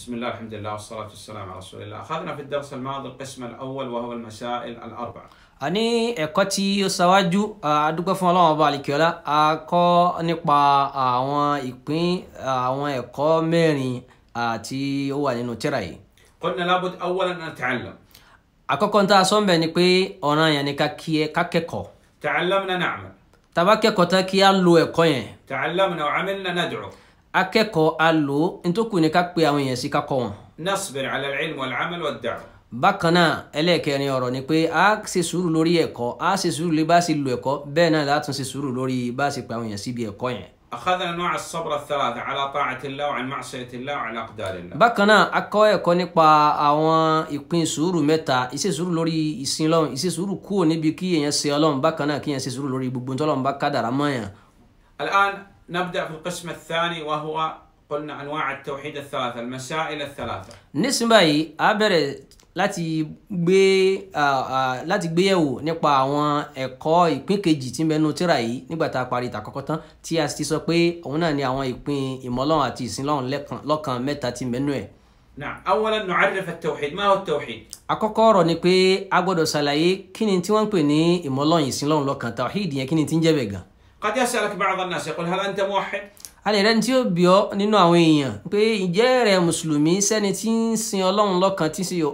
بسم الله الحمد لله والصلاة والسلام على رسول الله أخذنا في الدرس الماضي القسم الأول وهو المسائل الأربعة àní ẹ̀kọ́ tí ó ṣáwájú adúgbò fún ọlọ́run ọba àlìkíọ́lá a kọ́ nípa àwọn ìpín àwọn ẹ̀kọ́ mẹ́rin àti ó wà nínú tírà yìí. قلنا لابد أولا أن نتعلم. àkọ́kọ́ ń tá a sọ ń bẹ̀ ni pé ọ̀ràn yẹn ni ká kẹ́kọ̀ọ́. تعلمنا نعمل. tá bá kẹ́kọ̀ọ́ tán kí á lo ẹ̀kọ́ yẹn. تعلمنا وعملنا ندعو akẹ́kọ̀ọ́ a lò ó nítòkù ni ká pe àwọn èèyàn sí ká kọ́ wọn. nasbir ala al-ilm wal-amal wad-da'wa. bákan náà ẹlẹ́ẹ̀kẹrin ọ̀rọ̀ ni pé a ṣe sùúrù lórí ẹ̀kọ́ a ṣe sùúrù lórí bá a ṣe lo ẹ̀kọ́ bẹ́ẹ̀ náà látún ṣe sùúrù lórí bá a ṣe pe àwọn èèyàn síbi ẹ̀kọ́ yẹn. أخذنا نوع الصبر الثلاثة على طاعة الله وعن معصية الله وعلى أقدار الله. bákan náà a ẹ̀kọ́ nípa àwọn ìpín sùúrù mẹ́ta ìṣe sùúrù lórí ìsìn Ọlọ́run sùúrù kúrò نبدأ في القسم الثاني وهو قلنا أنواع التوحيد الثلاثة المسائل الثلاثة نسمى أبرز láti gbé láti gbé yẹ̀wò nípa àwọn ẹ̀kọ́ ìpín kejì tí ń bẹnu tíra yìí nígbà tá a parí ìtàkọ́kọ́ tán tí a ti sọ pé òun náà ni àwọn ìpín ìmọ̀lọ́run àti ìsinlọ́run lọ́kàn mẹ́ta tí ń ẹ̀. نعم أولا نعرف التوحيد ما هو التوحيد àkọ́kọ́ ọ̀rọ̀ ni pé a gbọ́dọ̀ ṣàlàyé kí ni tí wọ́n ń pè ní ìmọ̀lọ́run ìsinlọ́run lọ́kàn tawhid yẹn kí ni tí ń jẹ́ bẹ̀ قد يسألك بعض الناس يقول هل أنت موحد alẹ́rẹ́ ní tí ó bí ọ nínú àwọn èèyàn pé ìjẹ́ rẹ̀ mùsùlùmí sẹ́ni tí ń sin ọlọ́run lọ́kan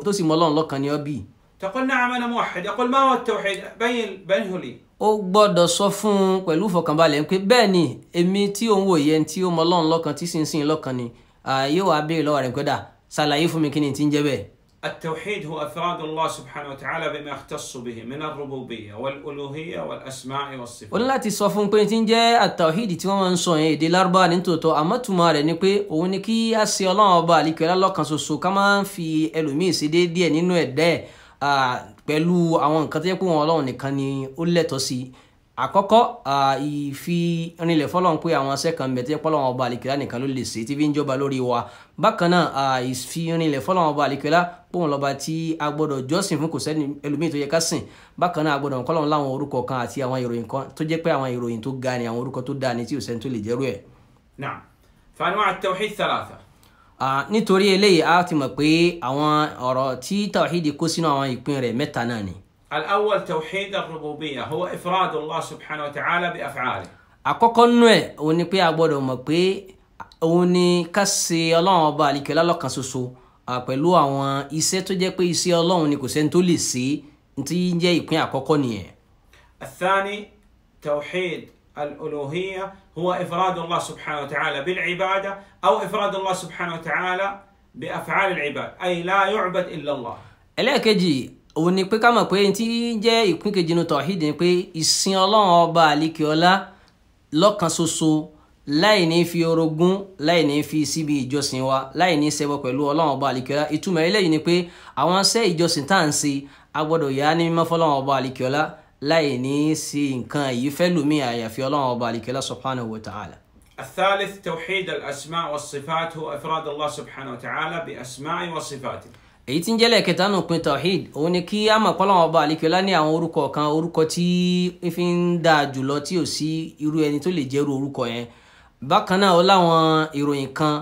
tó sì mọ ọlọ́run lọ́kan ni ọ bí. تقول نعم أنا موحد يقول ما هو التوحيد بين بينه لي. ó gbọ́dọ̀ sọ fún un pẹ̀lú ìfọ̀kànbalẹ̀ pé bẹ́ẹ̀ ni èmi tí òun wòye ẹni tí ó mọ ọlọ́run lọ́kan tí sì ń sin lọ́kan ni yóò wá béèrè lọ́wọ́ rẹ̀ pé dà ṣàlàyé fún mi kí ni ti ń jẹ́ bẹ́ẹ̀. التوحيد هو افراد الله سبحانه وتعالى بما يختص به من الربوبيه والالوهيه والاسماء والصفات. ó ní láti sọ fún pé tí ń jẹ́ àtàwíìdì tí wọ́n máa ń sọ yẹn èdè lárúbá ní tòótọ́ àmọ́ túmọ̀ rẹ̀ ni pé òun ni kí a ṣe ọlọ́run ọba àlìkẹ́ lọ́kàn ṣoṣo ká máa ń fi ẹlòmíì ṣe déédéẹ̀ nínú ẹ̀dá ẹ̀ pẹ̀lú àwọn nǹkan tó yẹ pé wọn ọlọ́run nìkan ni ó lẹ́tọ̀ọ́ sí i àkọ́kọ́ ìfi rinlẹ̀ fọlọ́n pé àwọn sẹ́kàn bẹ̀tẹ́ pọ́lọ́wọ́n ọba àlìkẹ́lá nìkan ló lè ṣe tí fi ń jọba lórí wa bákan náà ìfi rinlẹ̀ fọlọ́wọ́n ọba àlìkẹ́lá pòun lọ́ba tí a gbọ́dọ̀ jọ́sìn fún kò sẹ́ni ẹlòmíì tó yẹ ká sìn bákan náà a gbọ́dọ̀ kọ́lọ́n láwọn orúkọ kan àti àwọn ìròyìn kan tó jẹ́ pé àwọn ìròyìn tó ga ni àwọn orúkọ tó dáa ni tí òsẹ́ni tó lè jẹ́rú ẹ̀. Fa anwa' tawhid thalatha nítorí eléyìí a ti mọ̀ pé àwọn ọ̀rọ̀ tí tawhid kó الأول توحيد الربوبية هو إفراد الله سبحانه وتعالى بأفعاله àkọ́kọ́ nú ẹ̀ òun ni pé a gbọ́dọ̀ mọ̀ pé òun ni ká ṣe ọlọ́run ọba àlìkẹ́ lọ́lọ́kan ṣoṣo pẹ̀lú àwọn iṣẹ́ tó jẹ́ pé iṣẹ́ ọlọ́run ni kò sẹ́ni tó lè ṣe tí ń jẹ́ ìpín àkọ́kọ́ nìyẹn. الثاني توحيد الألوهية هو إفراد الله سبحانه وتعالى بالعبادة أو إفراد الله سبحانه وتعالى بأفعال العباد أي لا يعبد إلا الله. ẹlẹ́ẹ̀kejì òun ni pé ká mọ̀ pé tí jẹ́ ìpín kejì inú tọ̀hídì pé ìsìn ọlọ́run ọba àlekèọ́lá lọ́kan ṣoṣo láì ní fi orogún láì ní fi síbi ìjọsìn wa láì ní ṣẹbọ pẹ̀lú ọlọ́run ọba àlekèọ́lá ìtumọ̀ eléyìí ni pé àwọn iṣẹ́ ìjọsìn tá à ń ṣe a gbọ́dọ̀ yá ní mímọ́ fọlọ́run ọba àlekèọ́lá láì ní sí nǹkan yìí fẹ́ lómi àyàfi ọlọ́run ọba àlekèọ́lá subhanahu wa ta'ala. الثالث توحيد الأسماء والصفات هو إفراد الله سبحانه وتعالى بأسمائه وصفاته èyí tí ń jẹ́lẹ̀ kẹta nù pin tawhid òun ni kí a mọ̀ pọ́lọ́wọ́ ọba àlekiola ní àwọn orúkọ kan orúkọ tí ń fi ń da jùlọ tí ò sí irú ẹni tó lè jẹ́rú orúkọ yẹn bákan náà ó láwọn ìròyìn kan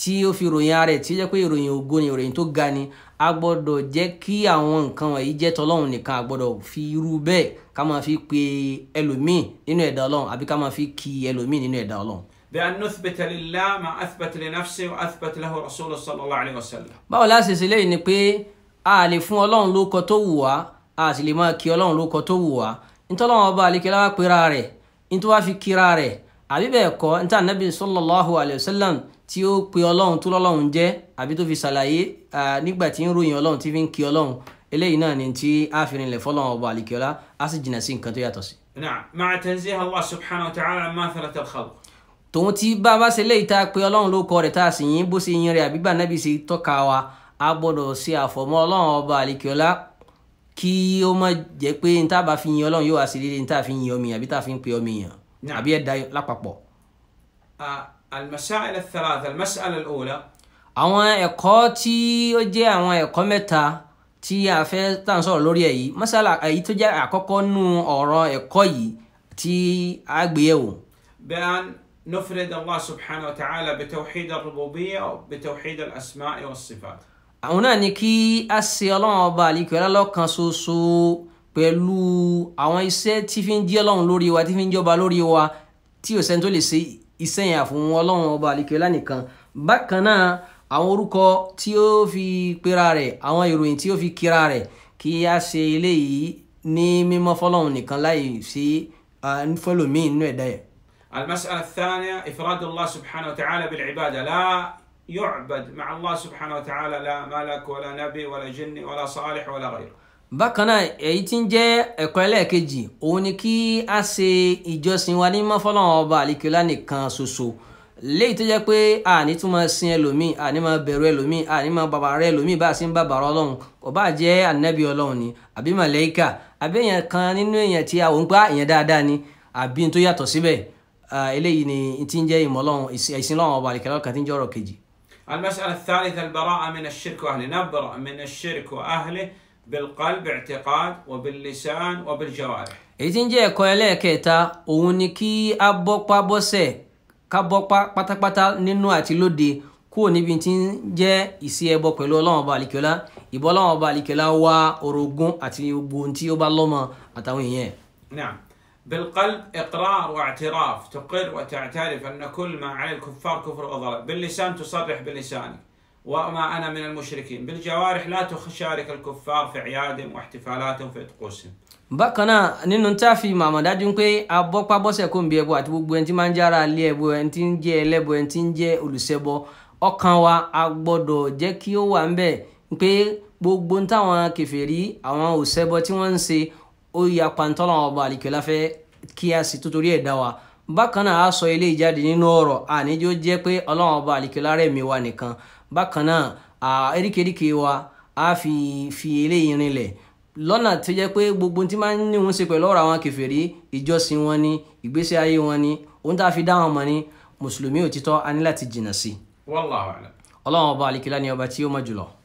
tí ó fi ròyìn ara ẹ̀ tí ó jẹ́ pé ìròyìn ògo ni ìròyìn tó ga ni a gbọ́dọ̀ jẹ́ kí àwọn nǹkan wọ̀nyí jẹ́ fi irú bẹ́ẹ̀ ká بأن نثبت لله ما أثبت لنفسه وأثبت له رسوله صلى الله عليه وسلم báwo la ṣe ṣe léyìí ni pé a lè fún ọlọ́run lóko tó wù wá a sì lè máa kí ọlọ́run lóko tó wù wá ntọ́lọ́run ọba àlekèlá wa الله rẹ̀ ntọ́ wa fi kíra rẹ̀ àbí bẹ́ẹ̀ kọ́ ntá nàbí sallallahu alayhi wa sallam tí ó pe ọlọ́run tó lọ́lọ́run jẹ́ àbí tó fi ṣàlàyé nígbà tí ń ròyìn ọlọ́run tí fi ń kí ọlọ́run eléyìí náà ni tí a fi rinlẹ̀ fọlọ́run ọba àlekèlá a sì jìnnà sí nǹkan tó yàtọ̀ sí. na'am ma'a tanzih Allah subhanahu wa ta'ala mathalat al-khalq tòun tí bá a bá ṣe pé ọlọ́run ló kọ rẹ̀ tá a sì yín bó ṣe yin rẹ̀ àbí bànábì ṣe tọ́ka wa a gbọ́dọ̀ ṣe àfọ̀mọ́ ọlọ́run ọba àlekíọ́lá kí ó má jẹ́ pé n tá a bá fi yin ọlọ́run yóò wá sí rere n tá a fi yin ọmọ àbí tá a fi pe ọmọ èèyàn àbí ẹ̀dá lápapọ̀. الثلاثة المسألة الأولى àwọn ẹ̀kọ́ tí ó jẹ́ àwọn ẹ̀kọ́ mẹ́ta tí a fẹ́ tà ń sọ̀rọ̀ lórí ẹ̀ yìí masala èyí tó jẹ́ àkọ́kọ́ nú ọ̀rọ̀ ẹ̀kọ́ yìí tí a gbé yẹ̀wò. bẹ́ẹ̀ نفرد الله سبحانه وتعالى بتوحيد الربوبية وبتوحيد الأسماء والصفات àwọn náà ni kí a ṣe ọlọ́run ọba àlìkọ́lá lọ́kan ṣoṣo pẹ̀lú àwọn iṣẹ́ tí fi ń jẹ́ ọlọ́run lórí wa tí fi ń jọba lórí wa tí ò sẹ́ni tó lè ṣe iṣẹ́ yẹn àfún ọlọ́run ọba àlìkọ́lá nìkan bákan náà àwọn orúkọ tí ó fi pera rẹ̀ àwọn ìròyìn tí ó fi kira rẹ̀ kí a ṣe eléyìí ní mímọ́ fọlọ́run nìkan láì ṣe fọlọ́mìn nínú ẹ̀dá yẹn. المسألة الثانية إفراد الله سبحانه وتعالى بالعبادة لا يعبد مع الله سبحانه وتعالى لا ملك ولا نبي ولا جن ولا صالح ولا غيره bákan náà èyí tí ń jẹ́ ẹ̀kọ́ ẹlẹ́ẹ̀kejì òun ni kí a ṣe ìjọsìn wa ní mọ́fọ́lọ́wọ́n ọba àlìkíọ́lá nìkan ṣoṣo léyìí tó jẹ́ pé àní tún máa sin ẹlòmíì àní máa bẹ̀rù ẹlòmíì àní máa bàbàrà ẹlòmíì bá a sì ń bàbàrà ọlọ́run kò bá jẹ́ ànábì ọlọ́run ni àbí màlẹ́kà àbí èèyàn kan nínú èèyàn tí a ò ń gbá ah, èèyàn dáadáa ni àbí tó yàtọ̀ síbẹ̀ Ah, eléyìí ni ti ń jẹ́ ìmọ̀lọ́run ìsìn lọ́wọ́ ọba àlìkẹ́lẹ́ ọ̀kan ti ń jẹ́ ọ̀rọ̀ kejì. المسألة الثالثة البراءة من الشرك وأهله نبرأ من الشرك وأهله بالقلب اعتقاد وباللسان وبالجوارح èyí tí ń jẹ́ ẹ̀kọ́ ẹlẹ́ẹ̀kẹta òun ni kí a bọ́pá bọ́sẹ̀ ká bọ́pá pátápátá nínú àti lóde kúrò níbi tí ń jẹ́ ìsí ẹbọ pẹ̀lú ọlọ́run ọba àlìkẹ́lá ìbọn ọlọ́run ọba àlìkẹ́lá wá orogún àti gbogbo ohun tí ó bá lọ́mọ àtàwọn èèyàn ẹ̀. بالقلب إقرار واعتراف تقر وتعترف أن كل ما على الكفار كفر وضلال باللسان تصرح بلسانك وما أنا من المشركين بالجوارح لا تشارك الكفار في أعيادهم واحتفالاتهم في طقوسهم bákan náà nínú tá a fi màmá dájú pé abọ́pábọ́sẹ̀ kò ń bi ẹbọ àti gbogbo ẹni tí máa ń jára lé ẹbọ ẹni tí ń jẹ ẹlẹ́bọ ẹni tí ń jẹ olùṣẹbọ ọkàn wa a gbọ́dọ̀ jẹ́ kí ó wà ń bẹ̀ pé gbogbo táwọn kèfèrí àwọn òṣẹbọ tí wọ́n ń ṣe ó ya pàǹtọ́lọ̀ ọba àlìkẹ́lá fẹ́ kí a sì tó torí ẹ̀ dá wa bákan náà a sọ ilé ìjáde nínú ọ̀rọ̀ àníjó jẹ́ pé ọlọ́run ọba àlìkẹ́lá rẹ̀ mi wa nìkan bákan náà eríkèéríkèé wa a fi fi eléyìí rinlẹ̀ lọ́nà tó jẹ́ pé gbogbo tí máa ń ní wọn ṣe pẹ̀lú ọ̀rọ̀ àwọn kèfèrí ìjọsìn wọn ni ìgbésí ayé wọn ni ohun tá a fi dá wọn mọ̀ ni mùsùlùmí òtítọ́ a ní láti jìnnà sí. Wallahu a'lam. ọlọ́run ọba àlìkẹ́lá ni ọba tí ó mọ̀ jùlọ.